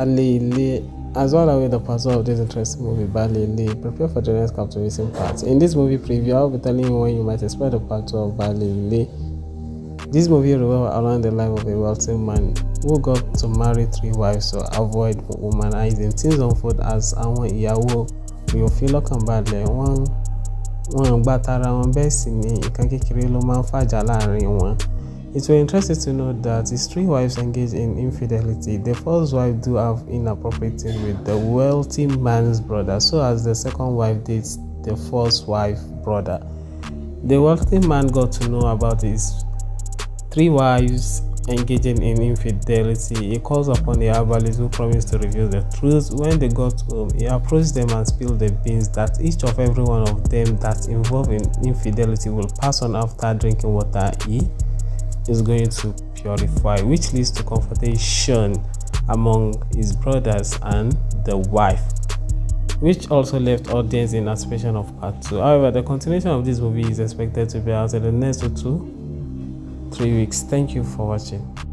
Alele as well away the person of this interesting movie, Balele, prepare for the next captivating part. In this movie preview, I'll be telling you when you might expect the part 2 of Balele. This movie revolves around the life of a wealthy man who got to marry three wives to avoid womanizing. Things unfold as àwọn ìyàwó Rìòfin lọ́kàn balẹ̀ wọ́n wọ́n gbàtara but around sì ni ìkan kékeré ló máa ń fàjà It will interest you to know that his three wives engaged in infidelity. The first wife do have inappropriate with the wealthy man's brother, so as the second wife did the first wife brother. The wealthy man got to know about his three wives engaging in infidelity. He calls upon the herbalist who promised to reveal the truth. When they got home, he approached them and spilled the beans that each of every one of them that involved in infidelity will pass on after drinking water he is going to purify, which leads to confrontation among his brothers and the wife, which also left audience in anticipation of part 2. However, the continuation of this movie is expected to be out in the next two, three weeks. Thank you for watching.